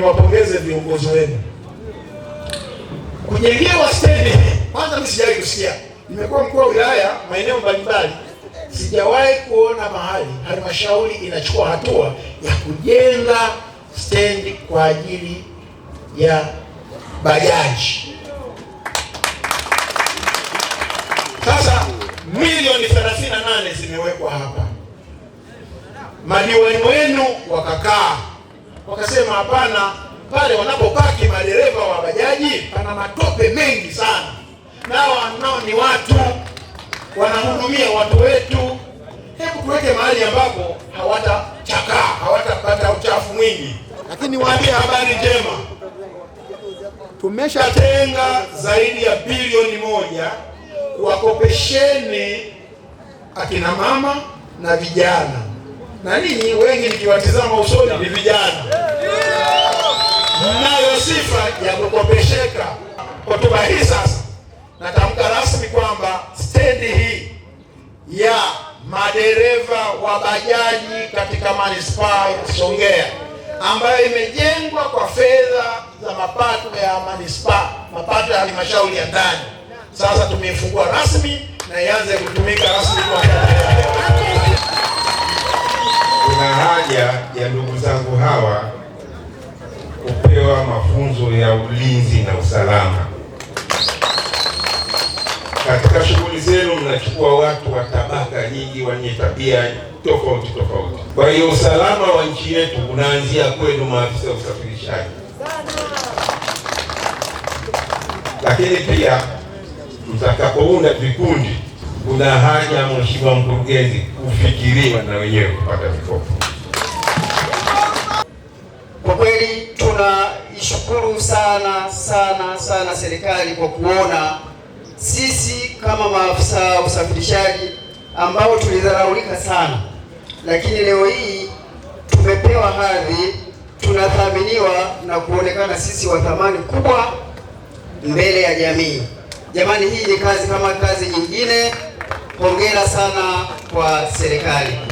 niwapongeze viongozi wenu kujengewa stendi. Kwanza mimi sijawahi kusikia, nimekuwa mkuu wa wilaya maeneo mbalimbali, sijawahi kuona mahali halmashauri inachukua hatua ya kujenga stendi kwa ajili ya bajaji. Sasa milioni 38 zimewekwa hapa, madiwani wenu wakakaa wakasema hapana, pale wanapopaki madereva wa bajaji pana matope mengi sana, nao nao ni watu wanahudumia watu wetu. Hebu tuweke mahali ambapo hawatachakaa, hawatapata uchafu mwingi. Lakini waambie habari njema, tumeshatenga zaidi ya bilioni moja kuwakopesheni akina mama na vijana na ninyi wengi nikiwatizama usoni ni vijana, mnayo sifa ya kukopesheka. Hotuba hii sasa natamka rasmi kwamba stendi hii ya madereva wa bajaji katika manispaa ya Songea ambayo imejengwa kwa fedha za mapato ya manispaa, mapato ya halmashauri ya ndani, sasa tumeifungua rasmi na ianze kutumika rasmi kwa ya ndugu zangu hawa kupewa mafunzo ya ulinzi na usalama. Katika shughuli zenu mnachukua watu wa tabaka nyingi wenye tabia tofauti tofauti. Kwa hiyo usalama wa nchi yetu unaanzia kwenu, maafisa ya usafirishaji. Lakini pia mtakapounda vikundi, kuna haja Mheshimiwa Mkurugenzi, kufikiriwa na wenyewe kupata mikopo kweli tunaishukuru sana sana sana serikali kwa kuona sisi kama maafisa wa usafirishaji ambao tulidharaulika sana, lakini leo hii tumepewa hadhi, tunathaminiwa na kuonekana sisi wa thamani kubwa mbele ya jamii. Jamani, hii ni kazi kama kazi nyingine. Hongera sana kwa serikali.